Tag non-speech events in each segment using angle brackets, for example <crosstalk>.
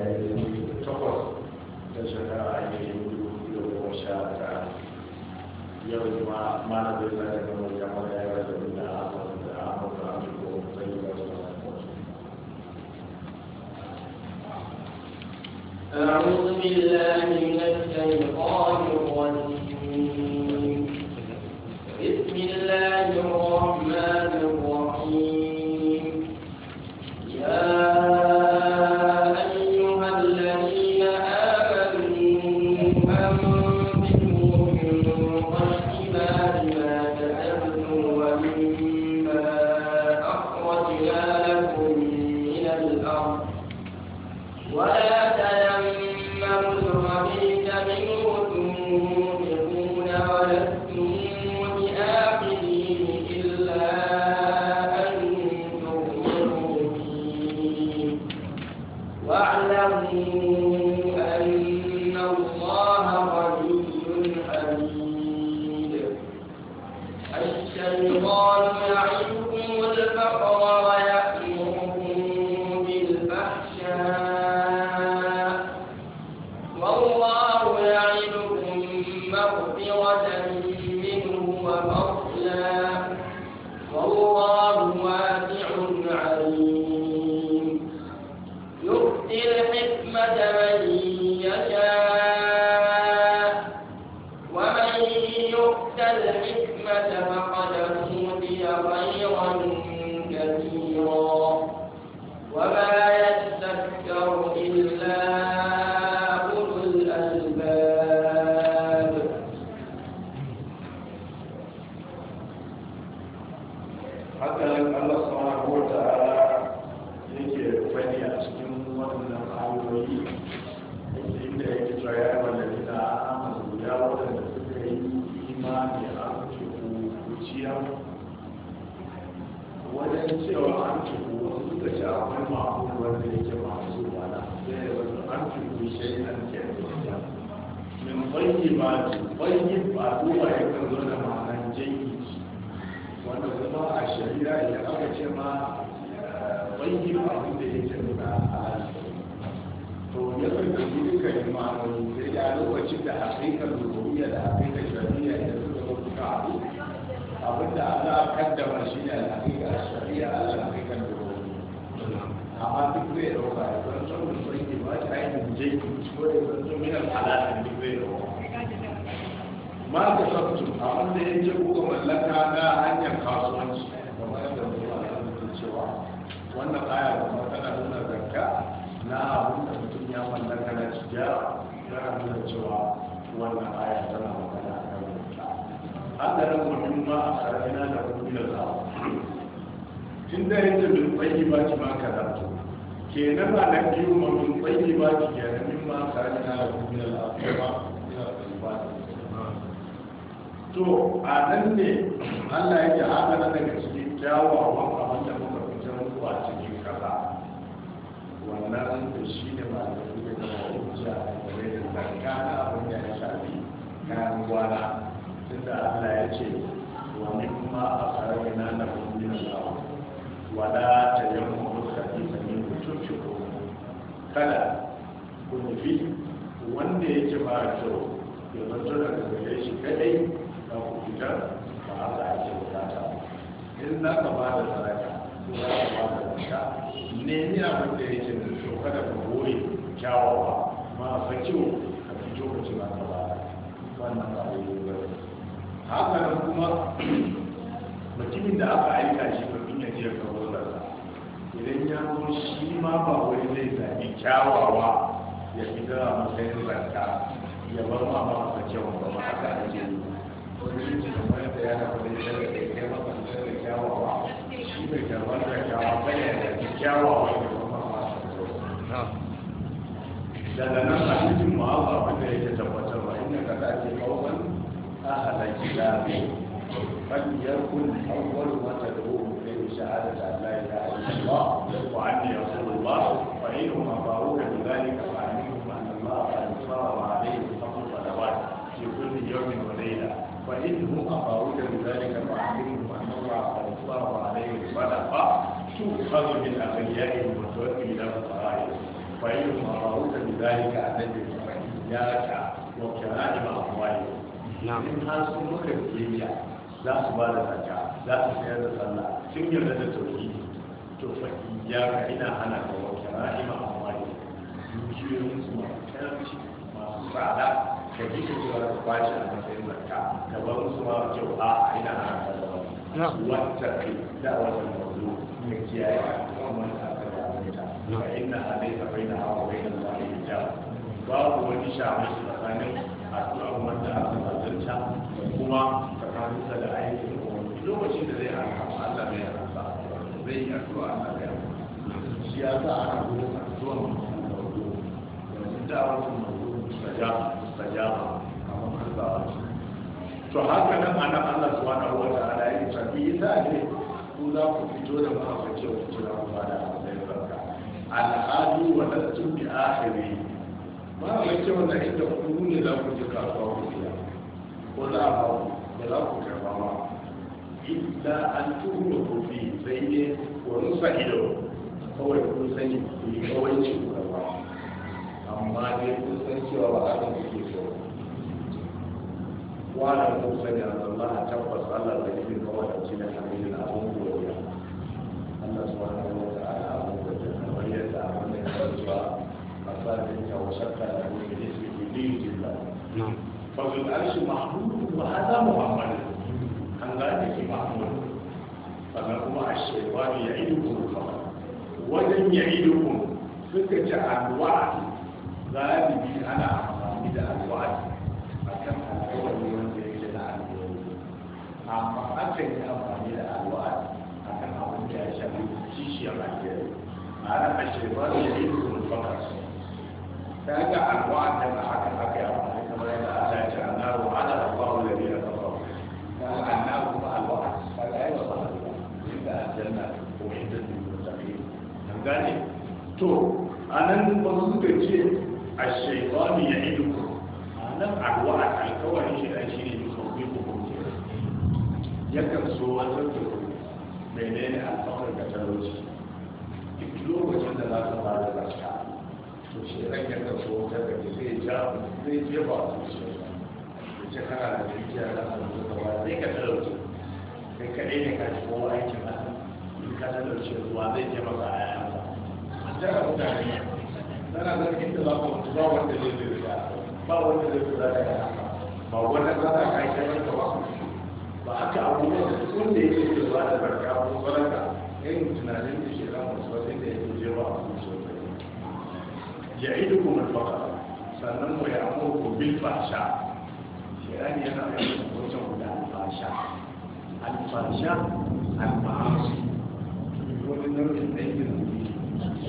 yayin takwas da shekara a yi yi da goma sha tara yau ma ma na zai zai gama jama'a ya yi da nuna amurka da amurka a cikin zai yi da su أعوذ بالله من الشيطان الرجيم مغفرة منه وفضلا والله واسع عليم يؤتي الحكمة من duk bai rawa ya zan san mun san ke ba ta ainihin jai ko da zan san minan alaƙa duk bai rawa ma ka sabtu abin da ya ce kuka mallaka na hanyar kasuwanci kamar da zuwa da cewa wannan aya da kuma tana nuna zakka na abin da mutum ya mallaka na tijara yana nuna cewa wannan aya tana magana a kan zakka. Hadarin mutum ma a sarari na da kuma da tun da yadda bin tsayi ba ci ma ke na na biyu mamin tsaye ba ki gyara min ma karni na da kuma ba ina tsaye ba to a nan ne allah yake hana daga cikin kyawawan abin da muka fitar muku a cikin kasa wannan da shi ne ba da kuma da hujja da da zarka na abin da ya shafi kayan gwana tunda allah ya ce wa kuma ma a karni na da kuma al'afiya wala ta yamma mutane kada ku nufi wanda ce ba kyau ya zanto da gare shi kadai na ku ba a za ake bukata in za ka ba da saraka, ko za ka ba da ne ni a wanda ya ce da kyau kada ka goye kyawawa ma a san kyau ka kyau ka ce ba ka ba wannan ba yi ba haka nan kuma mutumin da aka aika shi ba ya je ka rolarsa idan ya zo shi ma ba wai zai zaɓi kyawawa ya fita a matsayin ya bar ma ba masa kyawun ba ma haka ake yi wani yin cikin wani da ya haɗa da ya da ya kai masa mutum da kyawawa shi bai karɓar da kyawawa ba ya zaɓi kyawawa ya bar ma ba masa daga nan a cikin ma'aza wanda yake tabbatar ba inda ka zaɓi kawai a halaki zaɓe fadiyar kun awwal wata شهادة أن لا إله إلا الله وأني رسول الله فإنهم أخبروك بذلك فأعلمهم أن الله قد فرض عليهم خمس صلوات في كل يوم وليلة فإنهم أخبروك بذلك فأعلمهم أن الله قد فرض عليهم صدقة تؤخذ من أغنيائهم وتؤدي إلى فقرائهم فإنهم أخبروك بذلك أعلمهم فإياك وكرائم أموالهم نعم إن هذا مكتب كيمياء لا سبالة زكاة za su sayar da sallah sun yarda da tauhidi to fa ya ka ina hana ka wa kira'ima amwali dukiyoyin su masu karfi masu tsada ka ji ka cewa ka kwashi a matsayin zakka ka ba su ma kyau a ina hana ka da wani wata kai da wata mazu ka kiyaye a kan wani takara da ta inna alaika baina hawa baina allahi hijab babu wani shamashi tsakanin addu'ar wanda aka zalunta kuma tsakaninsa da aikin lokacin da zai arhamu Allah mai arhamu zai yi addu'a Allah mai arhamu shi ya sa ana gudu addu'a mutum yanzu da wasu mutum sajama sajama kamar kalbawa to haka nan ana Allah subhanahu wa ta'ala ya tafi yasa ne ku za ku fito da mahaifaci ku tura ku bada Allah ya barka alhali wa lastu bi akhiri ba mai kyau da inda ku ne za ku ji kasuwa ku ko za a ba ku ba za ku karba ba illa an tuhura ku fi sai dai ku rufa ido kawai kun sani ku kawai kawanci kuma amma dai kun san cewa ba a kan kuke so wala kun sani a Allah tabbas Allah da yake kawai da cikin na abun godiya Allah subhanahu wa ta'ala abun godiya kamar yadda wannan ya a masalin ta wasakka da wani da yake yi da Allah Arshi العرش محمود وهذا محمد ذلك محمود هو الشيطان يعدكم الخبر ولن يعيدكم عن وعد ذلك أنا أحمد الوعد فكم أتوى من ذلك العلم أما أكن أحمد الوعد أكم أحمد الشيطان شيشي العجل أنا الشيطان يعيدكم الخبر فأنت الوعد لما حكى حكى كما أن الله على الله الذي أتقى gane to a nan wasu suka ce a shaikwani ya idu a nan arwa a alkawarin shi a shi ne yi sauƙi ko ya kan so wata da mai ne ne alfahar da talauci duk lokacin da za ta ba da lafiya to shi ran ya kan so wata da zai ja zai jefa a zuciya ce kana da dukiya za ka zo gaba zai ka talauci kai kaɗai ne ka ci shigo aikin ka talauci ruwa zai je maka a yaya jihar mutane tana nan inda za ku ba wanda zai zai da ba wanda zai zai da ya ba wanda za ta kai kai ka ba ba haka abu ne da tun da yake da ba da barka ko barka irin tunanin da shi ran wasu wani da yake je ba su so ya idu kuma faka sannan mu ya mu ku bil fasha shirani yana da wancan guda alfasha alfasha alfasha wani nau'in aikin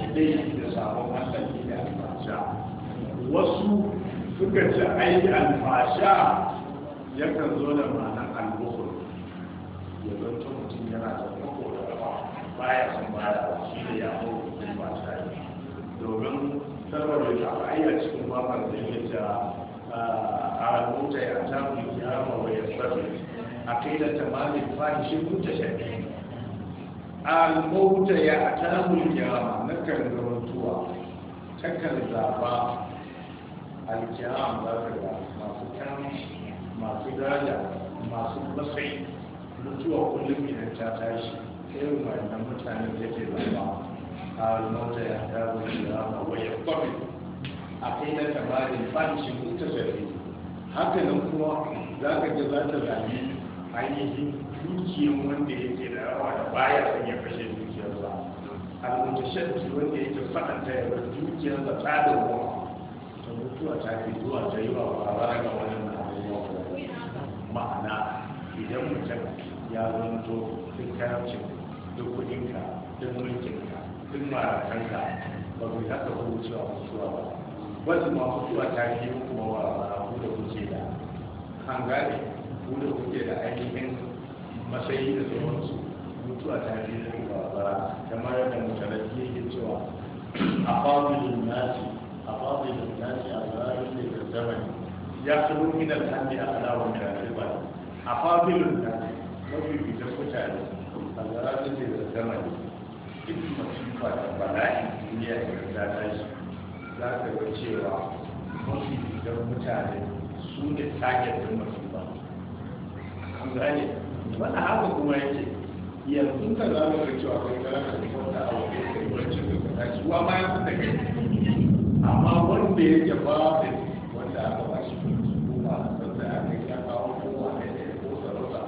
kidai da sabon Allah ke alfasha wasu suka ci ai alfasha yakan zo da ma'anar albukhul ya zanto mutum yana da mako da ba baya san baya shi da ya zo da ba ta yi domin saboda ta ayya cikin babar da yake ta a rubuta ya ta mu ya ma wayar sabi a kai da tamamin fahishi kun ta shafi al-mauta ya atamu al-kiyama na kan ta kan zaba al-kiyama za ka ga masu kan masu daraja masu matsayi mutuwa kullum idan ta tashi irin da mutane da ke ba. al-mauta ya atamu al-kiyama wa ya kwafi a kai na kamarin fancin mutasafi haka nan kuma za ka ga za ta zami ainihin dukiyar wanda yake da rawa da baya son ya kashe dukiyarsa al-mutashaddi wanda ya yake fadanta ya bar dukiyarsa ta da ruwa ta mutuwa ta fi zuwa ta yi wa ba ga wannan abubuwa ma'ana idan mutum ya zanto duk karancin duk kudinka duk mulkinka duk marakanka ba ku haka ko wucewa mutuwa ba wasu ma mutuwa ta fi kuma wa ku da kuke da an gane ku da kuke da ainihin matsayi da sauransu mutuwa ta je da ke babara kamar yadda mutarafi yake cewa a fadilin nasi a fadilin nasi a zarafin da ya zamani ya fi min alhamdi a alawar da ya ba a fadilin nasi mafi fitar mutane a zarafin da ya zamani duk ba na bala'i duniya da ta tashi za ka yi cewa mafi fitar mutane su ne target din masifa an gane wanda haka kuma ce. yanzu ka za mu ga cewa kai kana da kyauta a wajen kai wancan da ka tashi wa ma ya fita kai amma wanda yake ba da wanda aka ba shi kuma sanda aka yi ya hau kowa ne da ko sarauta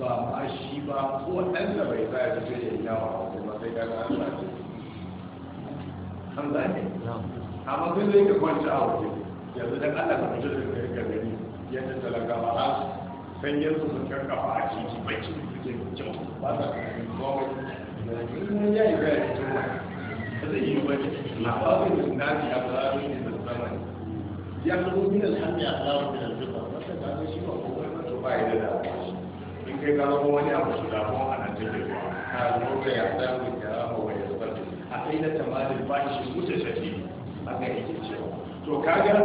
ba ma shi ba ko ɗan da bai sa ya fito ya yi yawa a wajen ba sai ka ga an sa ne an sa ne amma sai zai ka kwanci a wajen yanzu dan Allah ka fito da kai ka gani yadda talakawa a su sanyin su sun karka ba a ciki cikin suke kyau ba sa karfi komai in ya yi ga ya fito ba zai yi ba na ba zai yi nazi a ba zai yi da zamani ya zama min alhamdi a zawo min zuba wata ta zai shi ba ko wani to ba ya da damuwa in kai ka zama wani abu su damuwa a nan jirgin ba ka zama da ya ya rama wa ya zubar a kai na tamarin ba shi mutu shafi a ga yake cewa to kaga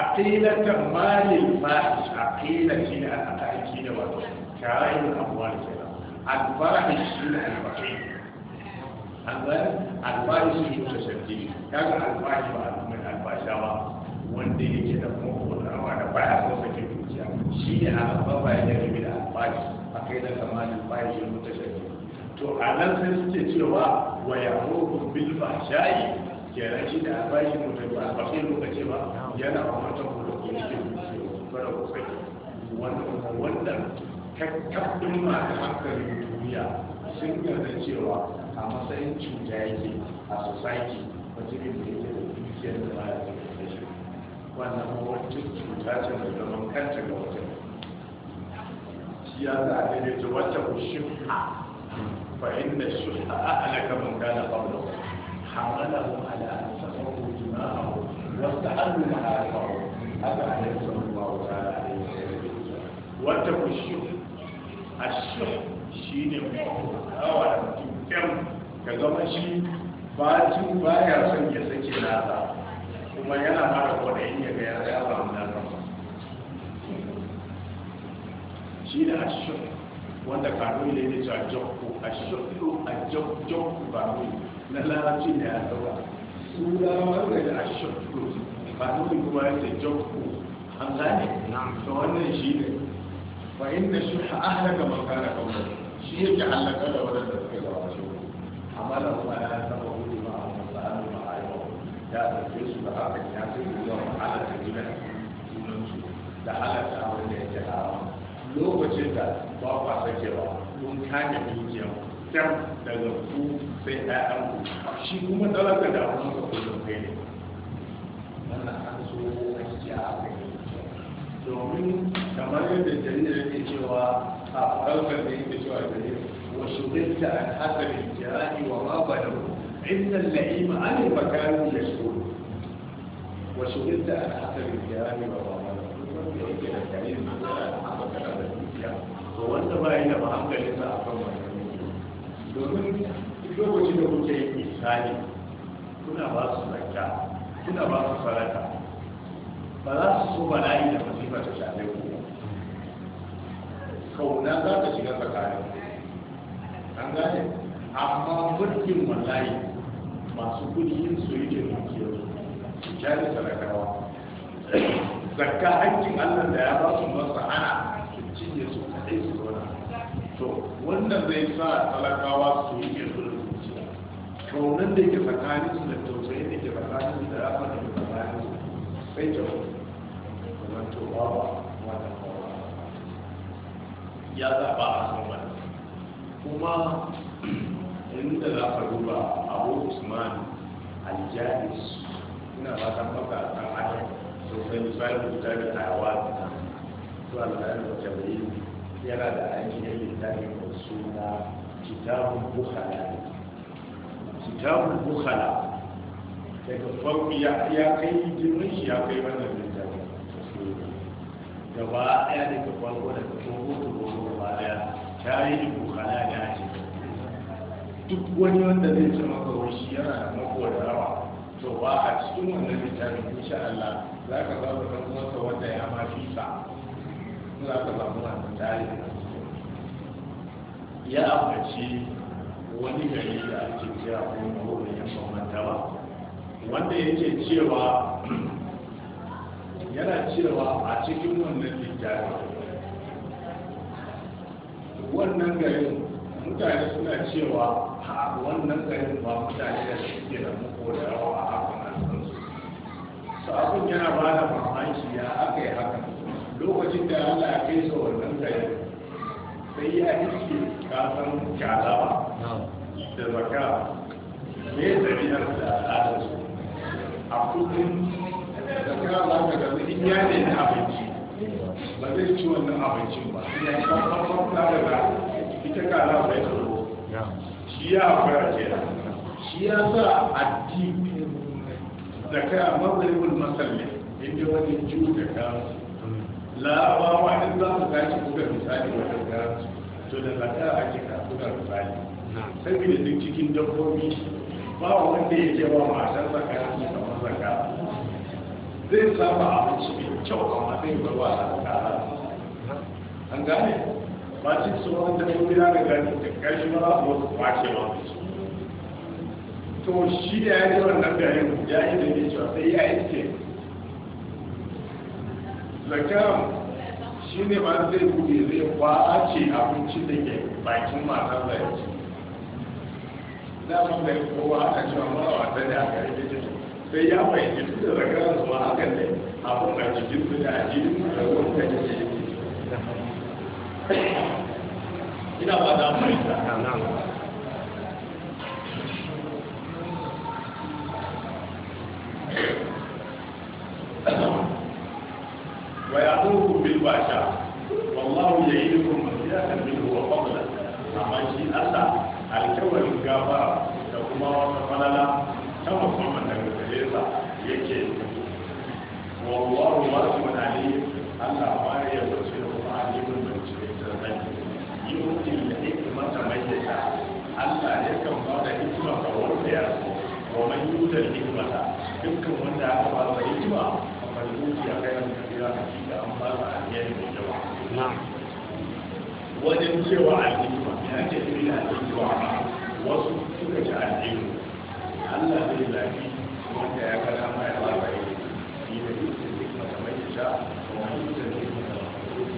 aqilatan malil fahish aqila shi ne aka shi da wato karayin amwal kenan alfarahi shi ne alfaqi Allah alfahish shi ne tashabbi kaga alfahish ba alfahish alfashawa wanda yake da kokorawa da baya so sake dukiya shi ne alfahish ba ya rubi da alfahish aqilatan malil fahish mutashabbi to anan sai suke cewa wa yaqubu bil fahsha'i kenan shi da ba shi mutum ba a lokaci ba yana umartar ku da ku cikin bara ku saki wanda kakkaɓin masu hankalin duniya sun yarda cewa a matsayin cuta yake a society wajen da yake da dukiyar da ba ya da shi wannan wata cuta ce mai zaman kanta ga wata shi ya za a daidaita wata kushin shuha fa inda shuha a halaka mun kana ƙaunar حمله على أن تخرجوا دماءه واستحلوا محارمه هذا عليه صلى الله عليه وسلم واتقوا الشح الشح شيء أو كم كما شيء bajin baya son ya sake nasa kuma yana mara kwaɗayin ya ga ya samu nasa shi da ashok wanda kanu ne da jajjakku ashokku a jakku ba na larabci da ya sauwa su larabar da a shakku ba nufin kuma ya ce jakku an gane ta wannan shi ne fa inda shi ha ahlaka makana kawai shi yake halaka da wadanda suka gawa shi amma da kuma ya zama hudu ma a matsalar ma a yau ya ɗauke su da haka ya ce zuwa halaka gidan sunansu da halaka wanda yake haram lokacin da ba kwa sakewa kun kanya dukiyar can daga ku sai ɗayan ku shi kuma talaka da abin da kullum kai ne wannan an so gaskiya a kai domin kamar yadda jaridar yake cewa a farkar da yake cewa jaridar wasu rinta da hasari jira'i wa ma da inda la'ima an yi makarin da so wasu rinta a hasari jira'i wa ma ba da wanda yake da da aka da dukiya to wanda ba yi da ba a kan wani domin lokacin da kuke yi misali, kuna ba su zakka kuna ba su sadaka ba za su so bala'i da masifa ta shafe ku kauna za ta shiga tsakanin an gane amma mulkin wallahi masu kudi yin su yi jirgin su jari talakawa zakka hakkin allah da ya ba su masa ana su cinye su kaɗai su zauna to wannan zai sa talakawa su yi ke da zuciya kaunan da yake tsakanin su da tausayi da ke tsakanin su da yafa da tsakanin su sai ta wani zaman to ba ba wata kowa ya zaɓa a san kuma inda za ka duba abu usman aljihadis ina ba ta maka kan ajiyar sosai misali da ta yi da tawa da ta zuwa da ta yi da yana da ainihin littafi da suna kitabun bukhala kitabun bukhala daga farko ya kai jirgin shi ya kai wannan ba gaba ɗaya daga farko da cikin hutu ko gaba ɗaya yi bukhala da ake duk wani wanda zai ci maka shi yana da rawa to ba a cikin wannan littafi insha Allah za ka ba ka wanda ya ma sa'a za ta samu wannan tare ya ambaci wani gari da ake cewa ko mawurin yan bambanta ba wanda yake cewa <clears throat> yana cewa a cikin wannan littafi wannan garin mutane suna cewa a wannan garin ba mutane da suke da muku da rawa a haka na abin yana ba da mamaki kyazawa da zaka me ya ɗabi'ar da al'adar su a kudin zaka za ka ga in ya ne na abinci ba zai ci wannan abincin ba ya kan farkon da. daga ita kaza bai tsoro shi ya fara kenan shi ya sa addini zaka mazalibul masallin inda wani ciwo da kansu larabawa in za su tashi kuka misali wajen gara to da zaka ake suna rubani da duk cikin dabbobi ba wanda ya ce ba matar zaka ya ce kamar zaka zai saba abinci mai kyau amma zai bar a zaka an gane ba ci sauran dabbobi na daga da kashi ba za su wasu kwace ma to shi da ya ji wannan garin ya yi da ne cewa sai ya yi iske zaka shi ne ba zai buɗe zai ce abinci da ke bakin matan da ya ci daman da kowa aka ce ma mara wata da aka yi ta sai ya fahimci duk da yi su hakan haka ne abin da jikin su da ajiyar da wanda ya ce ina ba da mai bilbasha wallahu yayyidukum mazidatan minhu wa fadla amma shi Allah alkawarin gaba da kuma wata falala ta musamman daga gare sa yake wallahu wasi'un alim Allah ba ya wuce ko ba ne mun da shi da zai yi yin da yake mata mai da ta Allah ya kan ba da hikima ga wanda ya so ko man yi da wanda aka ba da hikima ba ya kai da kira ka wajen cewa al'umma ya ce fi da cewa wasu suka ci al'umma Allah zai zafi wanda ya kada ma ya labarai shi da yusuf ne mata mai sha kuma yusuf ne mata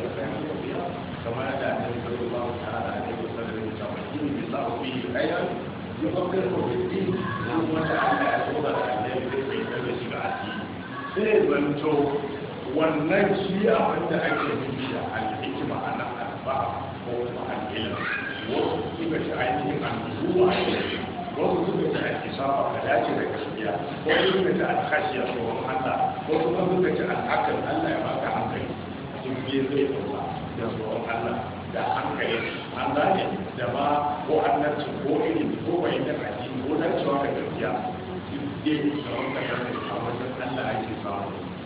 ya kayan tafiya kamar da ta yi karo ba ta hada ne ko sanar da ta mai yi bisa ofi kayan yi kwakwar kwakwati na wata Allah ya so ba da annabi zai kai kare shi ga asiri sai zanto wannan shi abin da ake nufi da alhikima a nan alba ko kuma al'ilm wasu suka ci ainihin al'uwa a yi wasu suka ci dace da gaskiya wasu suka ci allah kuma suka ci allah ya baka hankali zai da tsoron allah da hankali an da ko annabci ko ilimi ko ko da tsoron da ya ake samu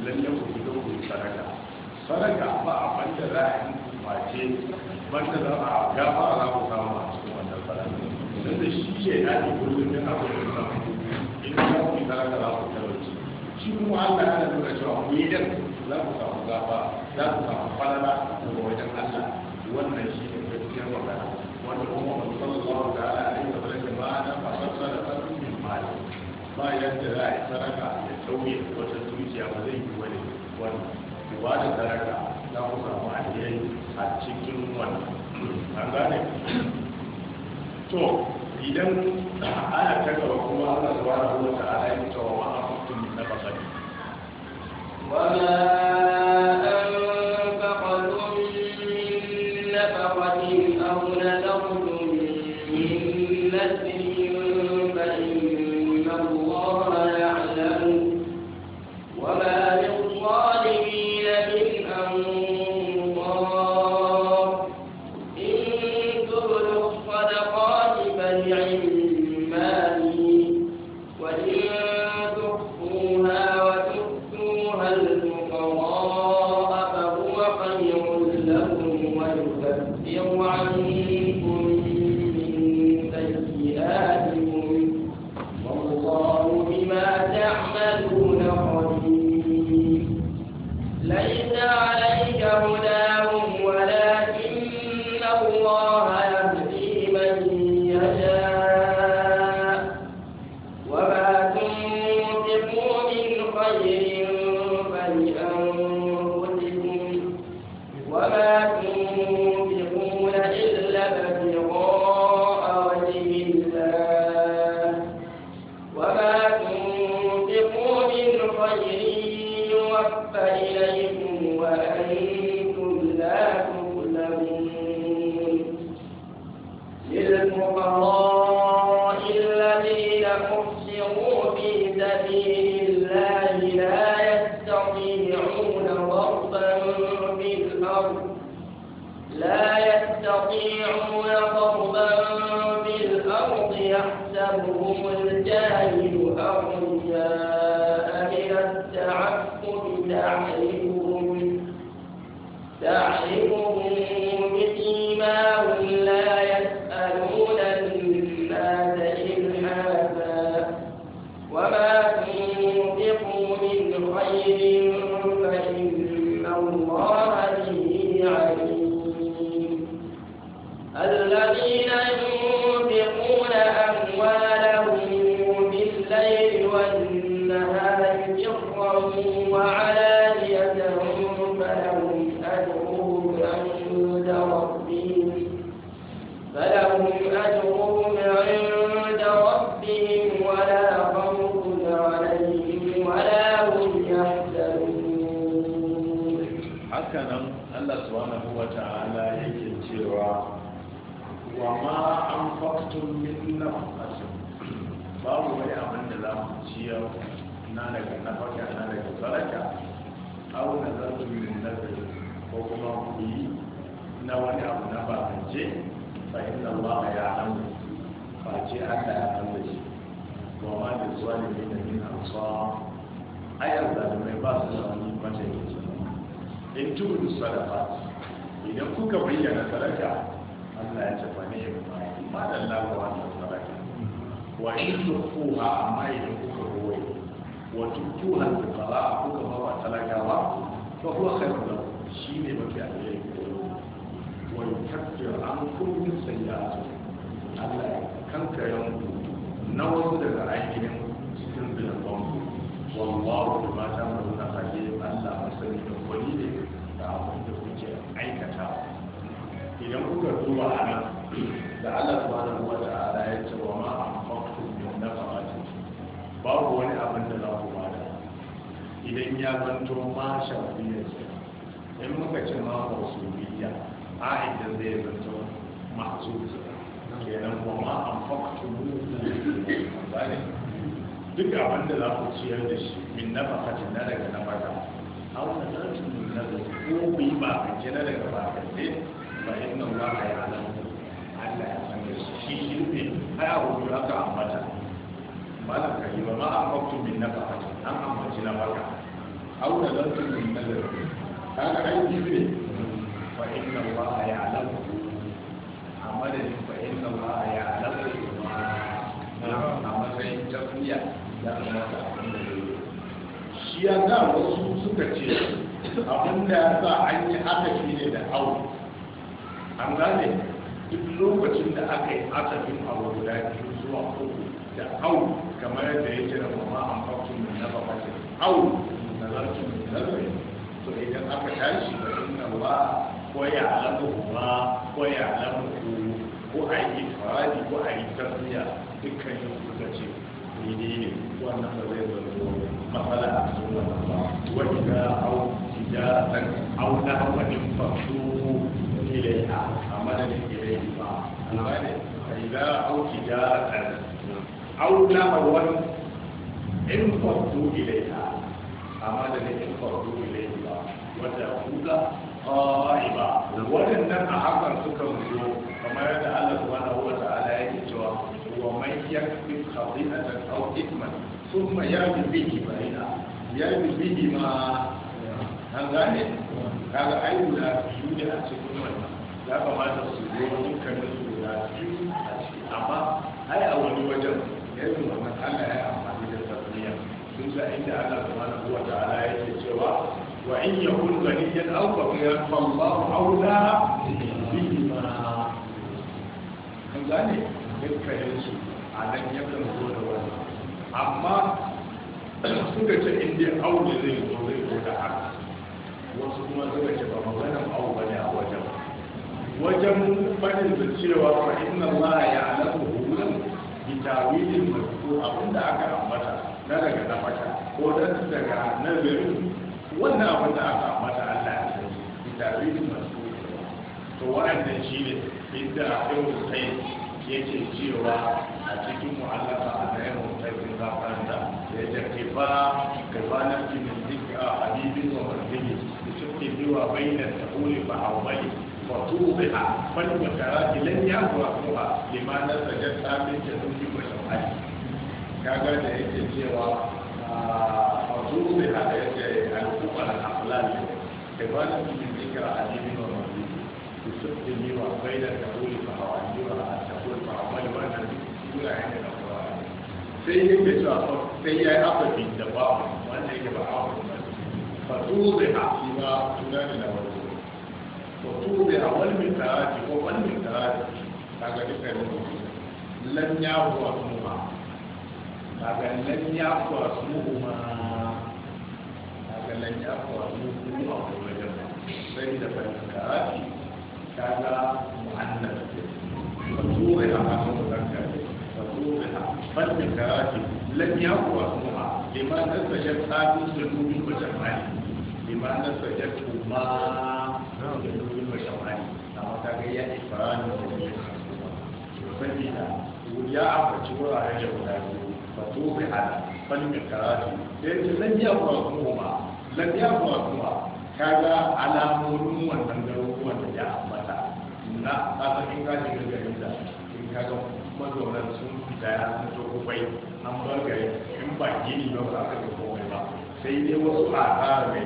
lalle ku fito ku sadaka sadaka ba a banda za a yi face banda za a gafa za ku samu a cikin wannan sadaka don da shi ke daɗi kullum din abu da ku in za ku yi za ku talauci shi kuma Allah yana nuna cewa ku yi dan za ku samu gafa za ku samu falala daga wajen Allah wannan shi ne gaskiyar magana wanda kuma sallallahu alaihi wa sallam ba ana fasar sadaka min mali ba da za a yi saraka ya sauye wata zuciya ba zai yi wani wani ku ba da saraka za ku samu yi a cikin wani an gane to idan ana ta gaba kuma ana zuwa da wata ala yin cewa wa a mutum na fasari ويوم mawuyi na wani abu na bakance fa inna Allah ya amu fa ce Allah ya amu shi wa ma da zuwa da min min amsa ayar da mai ba su da wani mace ne in tubu sadaqa idan kuka bayyana sadaka Allah ya tafa ne ma da Allah ga wannan sadaka wa in kuwa amma idan kuka boye wa tukuha al-fuqara kuka ba wa talakawa fa huwa khairun shi ne mafi wani kafin an kuma min sayyi'atikum Allah ya kankare muku na wasu daga ainihin cikin zunubanku wallahu mai ta'maluna khabir Allah sani da kwani ne da abin da kuke aikata idan kuka duba a nan da Allah subhanahu wa ta'ala ya ce wa ma anfaqtum na kamata, babu wani abin da za ku bada idan ya zanto ma shafi ne in muka ce ma mausuliya idan zai zanto mahzuz kenan kuma ma anfaqtum zane duk abin da za ku ciyar da shi min na nafaqatin na daga na nafaka aw nadatun min nadatun ko ku yi bakance na daga bakance fa inna allaha ya'lamu Allah ya san da shi shi ne a ai abu da aka ambata na kai ba ma an anfaqtum min na nafaqatin an ambaci nafaka aw nadatun min nadatun kaga an yi ne fa inna Allah ya alamu a madadin fa inna Allah ya alamu a matsayin tafiya ya kamata abin da zai shi ya ga wasu suka ce abin da ya sa an yi haka shi ne da au an gane duk lokacin da aka yi asafin abu guda biyu zuwa uku da au kamar yadda ya ce da mama an faktun da na fafatin au na zartun da zartun to idan aka tashi da inna ba ko ya alamu ba ko ya alamu ko a yi faradi ko a yi tafiya dukkan yin kuka ce daidai ne wannan ba zai zanto matsala a sunan ba wani ga au tijaran au na wani fasu ilaiha a madadin ilai ba alwani a yi ga auki tijaran au auna wani in fasu a amma da ne in farko ne ba wanda kuka qa'iba wadannan a hakan suka zo kamar yadda Allah subhanahu wa ta'ala yake cewa wa man yakfi khati'atan aw ithman thumma yarmi bihi ba'ida yarmi bihi ma an gane kaga ai guda biyu ne a cikin wannan ya kamata su zo dukkanin su guda biyu a ciki amma ai a wani wajen yanzu wannan Allah ya amfani Musa inda Allah subhanahu wa ta'ala yake cewa wa in ya yakun ghaniyan aw faqiran fa Allah aula bihima kan gane dukkanin su a nan ya kan zo da wani amma suka ce inda aure zai zo zai zo da haka wasu kuma suka ce ba maganar aure ba ne a wajen wajen fadin da cewa fa inna Allah ya alamu hulan bi tawilin abin da aka ambata na daga nafaka ko dan daga na biru wannan abin da aka mata Allah ya sani bitarrin masu to wa'annan shine inda yau sai yake cewa a cikin mu'allaka Allah ya mutaki zafarta ya ba kifa kifa na cikin a habibin wa marjibi da suke biwa bayyana ta kone ba a wani fatuha fal makarati lan yakwa kuma limanar da jatta min jadudi wa shafai kaga da yake cewa a zuwa da yake al'ummar aflan da ba da su zikira a cikin mamaki su suke yi wa bai da kabuli fa hawani wa a tabul fa hawani wa da sura ya da kawai sai yin da cewa sai ya yi afabi da ba wani yake ba hawa fa zuwa da shi ma tunani da wani fa zuwa ha wani mai ko wani mai ta kaga dukkan lam ya huwa kaga lan ya fa su ma kaga lan ya fa su ma wajen sai da fanta kaga mu'annas فطورها مذكر فطورها فالذكرات لم يقوى اسمها لما نسجت آدم سلوك وجمال لما نسجت ما سلوك وجمال كما تقول إفراد وجمال وسجد ويا أبو جورا رجل fatuha fanni karatu sai ce lan ya kuma kuma lan ya kuma kuma kaga alamomin wannan garuruwan da ya ambata na kasan in ka shiga garin da in kaga mazaunan sun fita ya sun to kubai an bar gari in ba gini ba ba ka ga komai ba sai dai wasu asara ne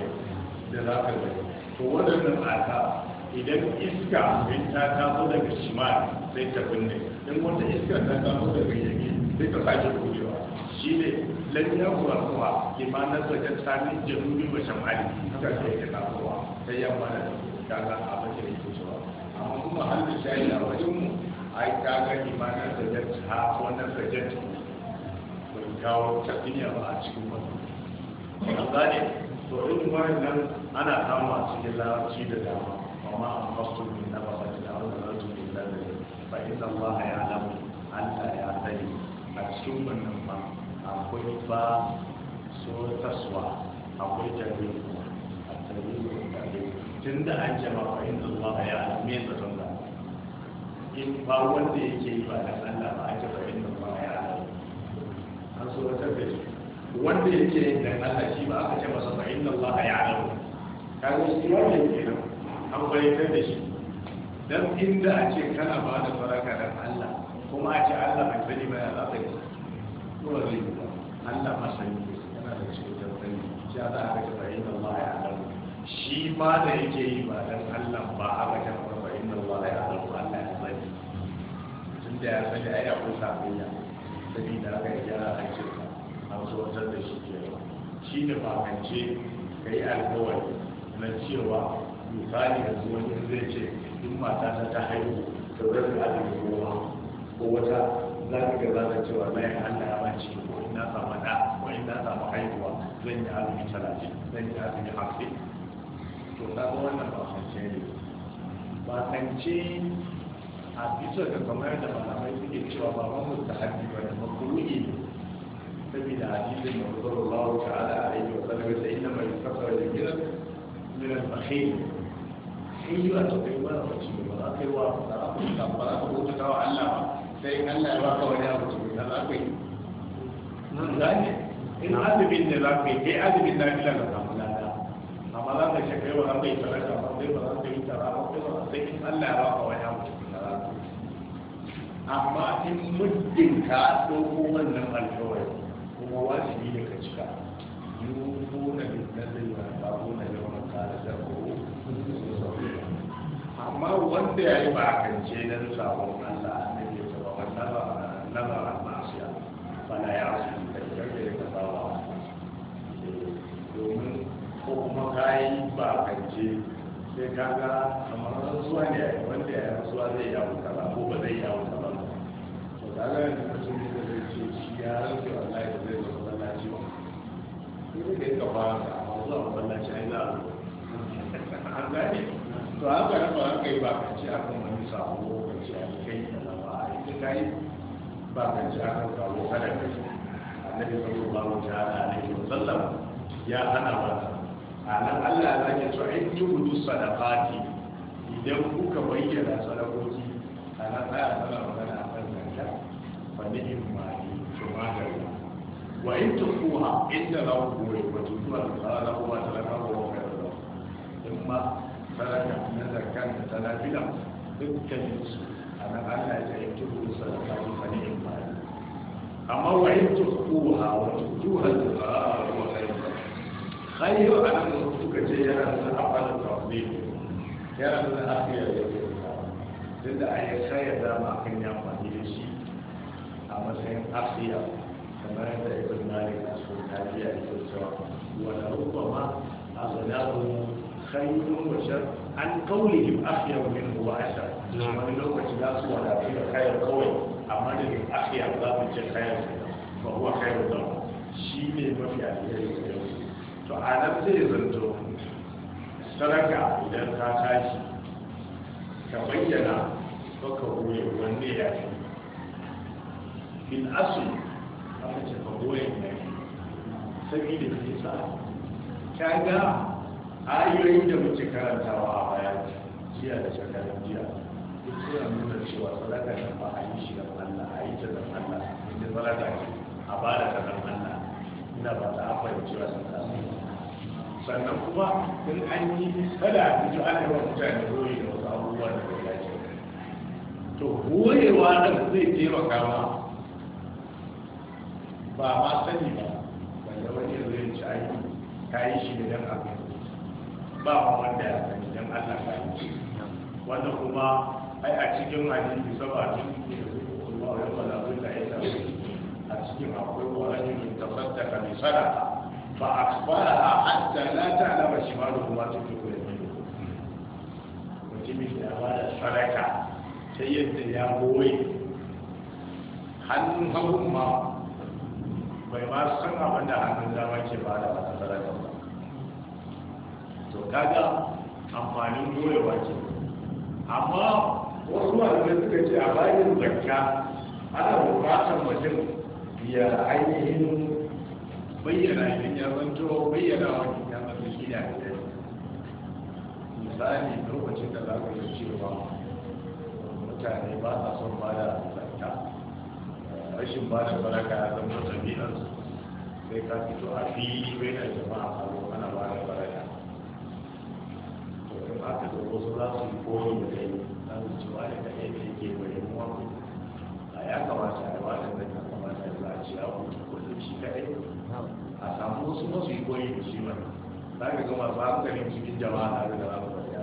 da za ka gani to waɗannan asara idan iska in ta taso daga shimali sai ta binne in wata iska ta taso daga yaki sai ka sake rubucewa shi ne lan ya kuwa kuwa limanar zagar sami jarumin wa shamali haka sai ya kasa kuwa sai ya mana da kaga a bace da rubucewa amma kuma har da shayi a wajen mu ai kaga limanar zagar ta wannan ta bai kawo tafiya ba a cikin wani an gane to irin wani nan ana samu a cikin larabci da dama amma an fasu ne na ba sa da awon da rajin da lalata ba inda Allah ya alamu Allah ya sani a cikin wannan ba, akwai ba so taswa akwai jami'in a tarihin jami'in tun da an jama fahimta zuwa a yara me da tun in ba wanda yake yi ba da sallah ba ake fahimta zuwa a yara an so wata da shi wanda yake yi da Allah shi ba aka ce masa fahimta zuwa a yara ka ga shi ke nan an fahimta da shi dan inda a ce kana ba da faraka dan Allah kuma a ce Allah mai sani mai alaƙa yi. kuma zai yi Allah masani yana da cikin jamfani shi za a rage bayin da Allah ya alaƙa shi ma da yake yi ba dan Allah ba a rage bayin da Allah ya alaƙa Allah ya sani tun da ya sani ai akwai safiya sabida haka ya gyara aikin ba, a wasu wajen da shi ke shi ne ba ce ka yi alƙawari na cewa misali yanzu wani zai ce in mata ta haihu ta wurin da ake ruwa ko wata za ka ga zaka cewa lai Allah ya bace ko in na samu da ko in na samu haihuwa zan yi azumi talatin zan yi azumi hamsin to na ga wannan ba sance ne ba a bisa ga kamar da malamai suke cewa ba ma mustahabi ba ne makruhi ne saboda hadisin da sallallahu ta'ala alaihi wa sallam sai inna ma yusafara da gida min al-bakhil sai yi wa ta kai mana wacce ba za ka yi wa ba za ka yi wa Allah ba sai Allah ya baka wani abu cikin za ku yi gane in azumin da za ku yi kai azumin na kila ka samu lada amma za ka shakai wa za talaka ba sai ba za ka yi tara ba sai ba sai in Allah ya baka wani abu cikin za ku yi amma in muddin ka dogo wannan alkawari kuma wajibi ne ka cika yukuna bin nazari wa ta'una yawan kala da amma wanda ya yi ba a kance Allah ne نبع المعصية فلا يعصي كالجبل كفاوة domin ko kuma kayi ba kance sai kaga kamar rantsuwa ne wanda ya rantsuwa zai yawo kaza ko ba zai yawo kaza ba to kaga ta mutum ne da zai ce shi ya rantsu wallahi ba zai zo masallaci ba sai kai ka fara amma zuwa masallaci ai za a zo an gane to haka ba haka kai ba kance akan wani sabo kance in ka yi ba ka ci a kan kawo kada ka annabi sallallahu ta'ala alaihi wa sallam ya hana mata anan Allah ya sake cewa in tubudu sadaqati idan kuka bayyana sadaqoki anan aya tana magana akan zakka fa ni'im ma ni to magana wa in tuquha inda lahu wa tuquha lahu wa talaqahu wa khairu imma sadaka na zakkan talafila dukkan su sannan Allah ya yi tuhu sadaqati fa ni ba amma wa in ha wa ha tuhuha wa kai yo an suka ce yana da afal ya ran da afiya da din da ai sai ya da ma kan ya amfani da shi a matsayin afiya kamar da ibn malik a cikin tafiya da cewa wa rubbama azlaqu khayrun wa shar an qawlihim afiya min wa ashar wani lokaci za su wadatu da kayan kawai amma da ne afiya za su ce kayan ba kuwa kayan zama shi ne mafi alheri da yau to a nan zai zanto sadaka idan ka tashi ka bayyana baka goye wanne ya fi bin asu aka ce ka goye ya fi sabida sa ka ga ayoyin da muke karantawa a baya jiya da shekarun jiya duk suna nuna cewa sadaka nan ba a yi shi ga Allah a yi ta ga Allah ita sadaka ce a ba da ta ga Allah ina ba ta afa yi cewa sadaka sannan kuma in an yi sada ita ana yi wa mutane goyi da wasu abubuwa da bai dace to goyewa nan zai taimaka ma ba ma sani ba wanda wani zai ci ai ka yi shi ne don abin ba wanda ya sani don Allah ka yi shi wanda kuma ai a cikin hadisi a cikin da kuma wanda ya wala bulla illa a cikin akwai wani mai wa rajulun tasaddaqa bi sadaqa fa akbaraha hatta la ta'lama shi ma da tunfiqu yaminuhu mutumin da ba da saraka ta yadda ya goye hannun hagun ma bai ma san abin da hannun dama ke ba da wata saraka ba to kaga amfanin goyewa ke amma wasu malamai suka ce a bayan zakka ana bukatar mutum ya ainihin bayyana idan ya zanto bayyana wani ya mafi gida misali lokacin da za ka yi cewa mutane ba sa son ba da zakka rashin ba da baraka ya zama su, sai ka fito a fili bai da jama'a a zo ana ba da baraka to in aka zo wasu za su yi koyo da kai su cewa da ta yi ke bai muwa a ya kamata a wata da ta kamata da a ciya ku kullum shi kadai a samu wasu masu yi koyi da shi mana za ka gama ba ka ne cikin jama'a na da ba ba ya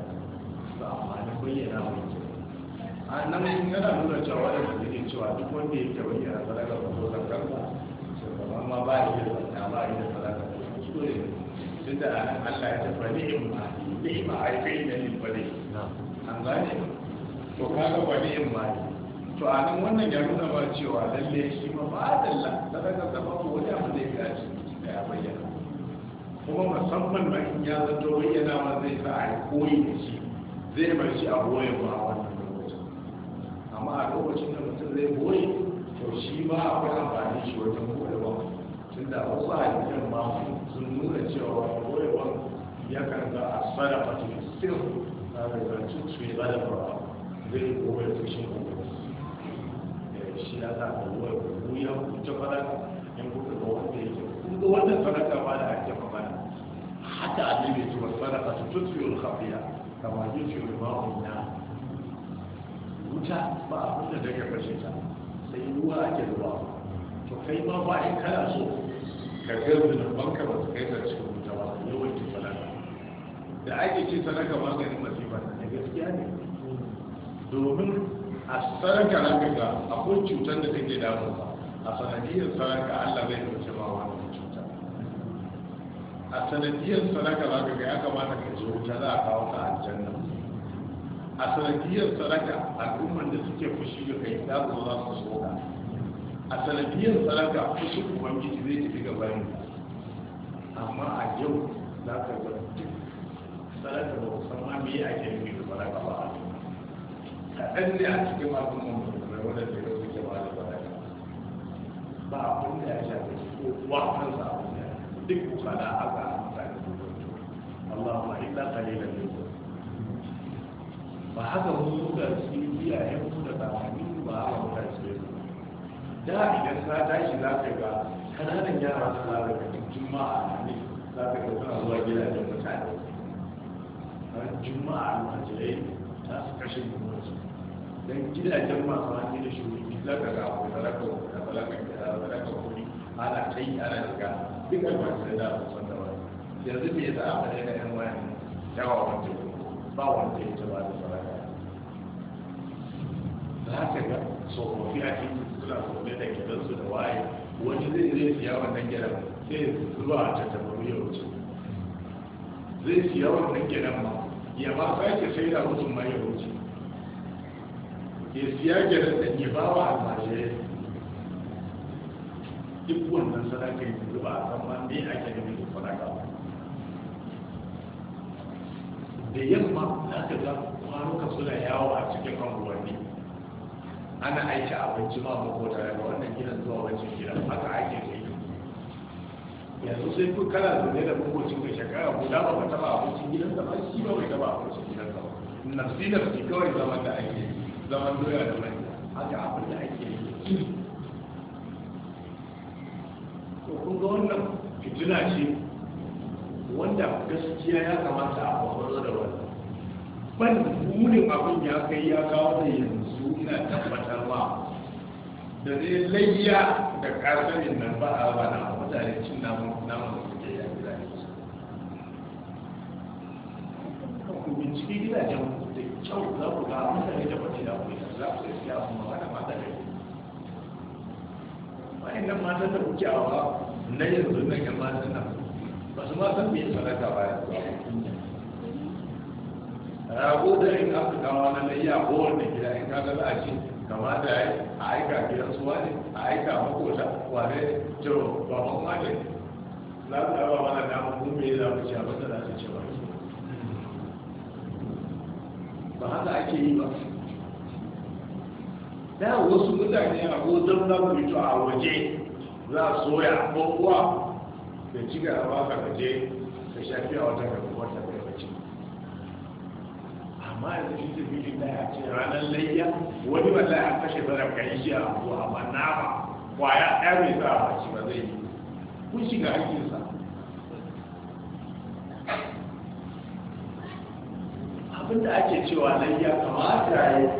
ba amma na bayyana mun ke a nan yana nuna cewa da ta take cewa duk wanda ya ke bayyana sadaka ba ko zakar ba shugaban ma ba ya da zakka ba ya da sadaka ba su ne tunda Allah ya tabbata ni'ima ni'ima ai kai da ni bare an gane to kaga wani in ne. to a nan wannan ya nuna ba cewa lalle shi ma ba dalla sadaka da ba wani abu zai gaci da ya bayyana kuma musamman ma in ya zato bayyana ma zai sa a koyi da shi zai bar shi a boye ba a wannan lokacin amma a lokacin da mutum zai boye to shi ba a akwai amfani shi wajen koyewa tunda wasu hadisan ma sun nuna cewa koyewa ya kan ga a sarrafa cikin sirri na da zancin su ya zada fara zai yi kuma ka ẹ eh, shi ya sa da ruwa ku ya kuce fadaka in kuka ga wanda yake kun ga wannan fadaka ma da ake magana hatta annabi ya ce wa sadaka ta tutfiyul khafiya kama yutfiyul ma'un na wuta ba wọn da daga ta sai ruwa ake zuwa to kai ma ba in kana so ka ga zunuban ka ba su kai ka cikin wuta ba yawanci sadaka da ake ce sadaka maganin masifa ta gaskiya ne domin a saraka na gaga akwai cutar da take damu a sanadiyar saraka allah bai dauke ma wannan cuta a sanadiyar saraka na gaga ya kamata ka zo ta za a kawo ka aljanna a sanadiyar saraka al'umman da suke fushi ga kai za su za su so ka a sanadiyar saraka fushi ubangiji zai tafi ga bayan amma a yau za ka ga duk saraka ba musamman me ake nufi da saraka ba kaɗan ne a cikin al'umman musulmai wanda ke rasu ke ba da sadaka ba abin da ya sha shafi ko kuwa kansa abin da duk kuka da aka amfani Allahumma illa qalilan minkum ba haka wasu suka ci iyayen su da kakanni ba haka muka ce da idan ka tashi za ka ga kananan yara su na daga na ne za ka ga suna zuwa gidajen mutane juma'a almajirai ta su kashe juma'a don gidajen masu hannu da shuri za ka ga abu da raka wuta ba raka gida ba raka wuri ana kai ana daga duk albarci da su san da wani yanzu me za a fara da yan wani yawa wanda ba wanda ya ci ba da sarara za ka ga tsofaffi a cikin suna zaune da gidansu da waye wani zai zai siya wannan gidan sai zuwa a tattabaru ya wuce zai siya wannan gidan ma ya ma sake sai da mutum mai ya ke siya gyaran da ke ba wa almajirai duk wannan sadaka yanzu ba a san ma me ake nufi da kuma ba da yamma za ka ga kwanuka suna yawo a cikin anguwanni ana aiki abinci ma makota daga wannan gidan zuwa wancan gidan haka ake yi yanzu sai ku kana zaune da makocin mai shekara guda ba ba taba abincin gidan da ba shi ba bai taba abincin gidan ba nafsi nafsi kawai zaman da ake yi zaman doya da mai haka abin da ake yi to kun ga wannan fitina ce wanda gaskiya ya kamata a kwakwaro da wannan ban burin abin ya kai ya kawo da yanzu ina tabbatar ma da zai layya da ƙarfin nan ba a ba na mutane cin namun namun suke ya gida ne kan ku bincike gidajen ku kyau za ku ga mutane da mace da kuma za ku sai siya kuma wani mata da wani nan matan da kuke awa na yanzu nan yan matan nan ba su matan bai sadaka ba ya rago da yin aka kawo na layya ko wanda gida in ka ga za a ce kamata ya yi a aika gidan su wani, a aika makota wane ne jiro ba makwai ne za su ɗaba mana damar kuma ya zaɓi ce a masa su ce ba su ba haka ake yi ba da wasu mutane a gozon na mutu a waje za a soya ko kuwa da ciga a baka waje ka shafi a wata kuma ta wata gabaci amma da shi ta bilin da ya ce ranar layya wani ba wanda ya kashe ka yi shi a ba na ba kwaya ɗaya mai za a ba zai yi kun shiga hakkin abinda ake cewa layya kamata ya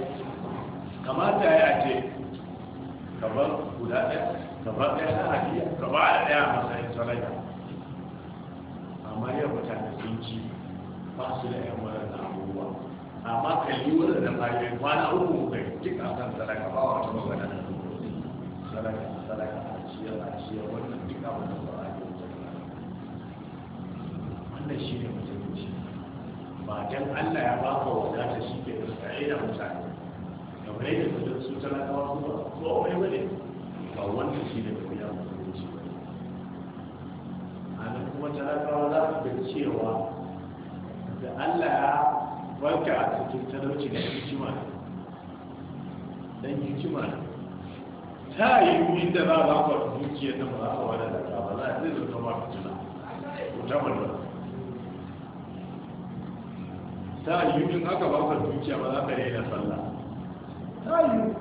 kamata ya ce kamar guda ɗaya kamar ɗaya na hadiya gaba da ɗaya a matsayin sarayya amma yau mutane sun ci ba su da yan waɗanda abubuwa amma kalli waɗanda bayan kwana uku kai duk a kan sarayya ba wata magana da sarayya sarayya a ciyar a ciyar wannan duk abin da ba a yi wannan shi ne ba dan Allah ya baka wadata shi ke da sai da mutane kamar yadda kudin su talakawa su ba ko wai bane ba wanda shi ne da biya mutunci ba a kuma talakawa za su ga cewa da Allah ya baka a cikin talauci da hikima dan hikima ta yi da za a baka dukiyar da ba za a wadata ba za a zai zama fitina mutamar ba ta yiwu in aka baka zuciya ba za ka daina sallah ta yiwu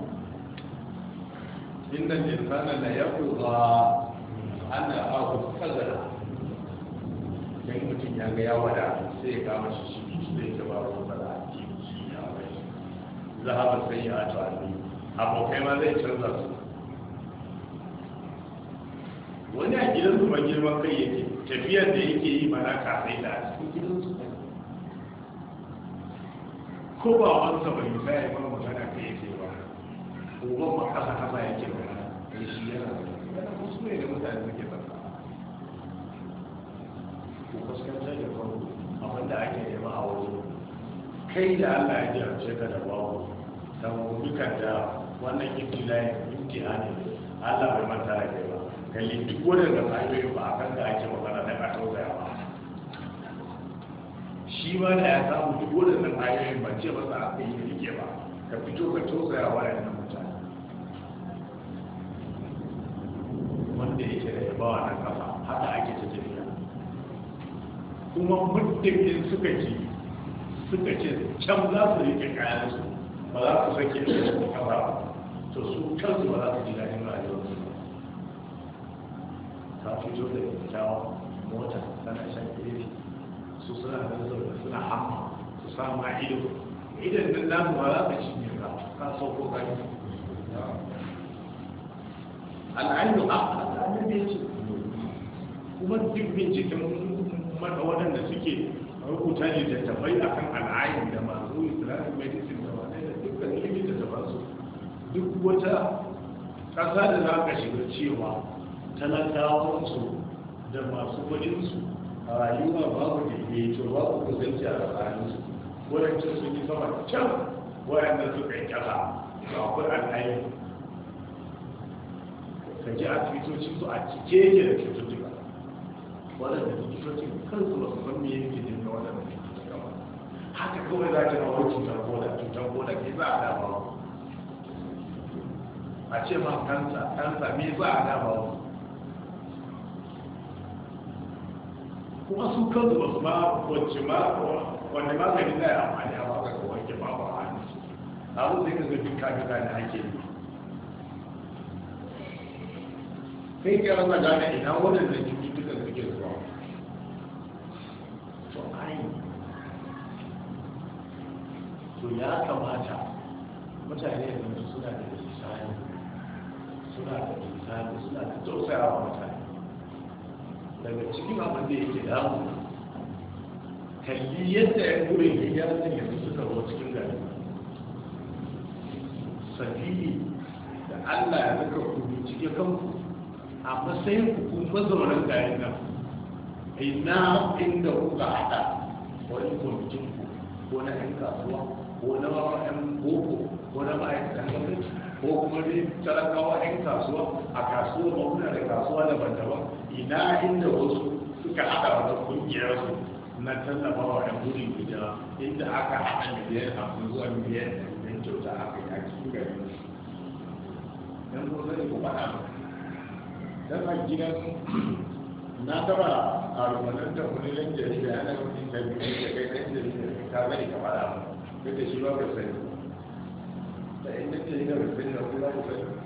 inna insana ya yaqza ana aku kadara dan mutum ya ga ya wada sai ya kama shi shi zai ta ba ruwa da shi ya bai zahaba sai ya ta ali abokai ma zai canza su wani a gidan zuba girman kai yake tafiyar da yake yi mana kafai da a cikin gidansu ko ba wansa bai isa ya bar magana ta yake ba uban ba kasa kasa yake ba ya shi yana yana kuskure da mutane suke tsaka ko fuskantar da farko abin da ake nema a wajen kai da Allah ya jarabce ka da babu saboda duka da wannan ibtila'i ne, Allah bai manta da ke ba kalli duk wadannan ayoyin ba a kan da ake magana da ka tausaya ba shi ma da ya samu duk waɗannan ayoyin ba ce ba masa a kai rike ba ka fito ka ya wani yana mutane wanda yake da yabawa na kafa haka ake ta tafiya kuma muddin suka ce suka ce can za su rike kayan su ba za su sake da kafa ba to su kansu ba za su ji daɗin rayuwar ba. ka fito da kyakkyawan mota tana shan ƙirfi su suna da zaune suna hama su sama ido idan nan namu ba za ka cinye ba ka sauko ka yi al'ainu a al'ainu ne ce kuma duk binciken mata waɗanda suke rubuta ne da tabai a kan al'ayin da masu islamic medicine da ba da dukkan ilimin da ba su duk wata ƙasa da za ka shiga cewa talakawansu da masu su. a rayuwa babu da ke to babu ku zanci a tsakanin su wadancan sun yi sama can wayannan su kai kasa to akwai alhayi ka ji a asibitocin su a cike ke da cututtuka waɗanda likitocin kansu ba su san me yake jin da waɗanda cututtuka ba haka kawai za ka kawo cutar koda cutar koda ke za a dama a ce ma kansa kansa me za a dama wasu kuma su kansu ba su ma wacce ma wanda magani za a yi amfani a baka ga wanke ba ba hannu su abu zai ka zafi kaga da ake yi sai ka rasa gane ina wannan da cututtukan suke zuwa to ai to ya kamata mutane da suna da lisani suna da lisani suna da tausayawa mutane daga cikin abin da yake damu kalli yadda ya gure ya gyara yanzu suka zo cikin gari safili da allah ya zaka kuri cike kanku a matsayin ku mazaunan gari nan ina inda kuka haɗa wani kwamitin ku ko na yan kasuwa ko na yan boko ko na ma'aikatan gwamnati ko kuma dai talakawa yan kasuwa a kasuwa mabuna da kasuwa daban-daban ina inda wasu suka hada wata kungiyar su na tallafa wa ɗan gudun gida inda aka haɗa biyar hamsin zuwa biyar ɗin kyauta aka yi a cikin gari dan ko sai ko faɗa dan a gidan na taba a da wani ɗan jarida yana mutum da biyu da kai ɗan jarida ka bari ka faɗa ba kai da shi ba ka sani da inda jarida ba sani ba ku ba ku sani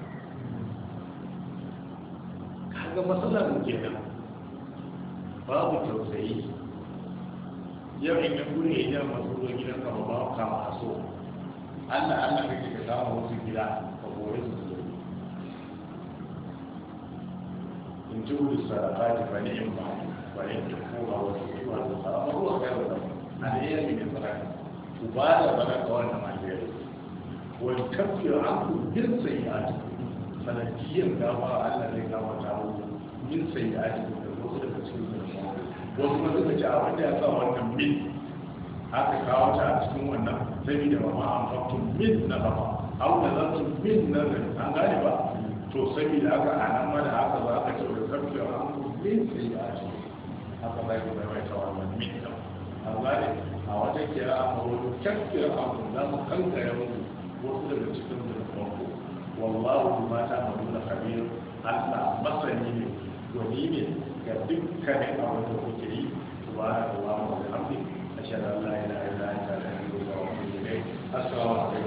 ga matsalar mu kenan babu tausayi yau in yanku ne idan masu zo gidan ka ba ka ma so Allah Allah kake ka samu wasu gida ka gore su zo in ji wuce sarakati ba ne in ba ba ne ta koma wasu zuwa da sarrafa ruwa kai da a ne yanzu ne sarrafa ku ba da bana ka wannan majiyar wani kafin an ku bin sayi a cikin sanadiyyar gama Allah zai gama ta min sai ya ake da wasu daga cikin zuciya wasu kuma suka ce a wanda ya sa wannan min aka kawo ta a cikin wannan sai da ba ma an faktun min na ba au da zan min na zai an gane ba to sai da aka anan mana aka za aka ce da sarki a min sai da ake aka ba ki bai ta wannan min na an gane a wata kira a wani kyakkyar abu za mu ya mutu wasu daga cikin zuciya wallahu ma ta hamdu na kabir Allah masani ne domin ne ga dukkanin abin da kuke yi subhanallahi wa bihamdihi ashhadu an la ilaha illa anta astaghfiruka wa atubu ilayk assalamu alaikum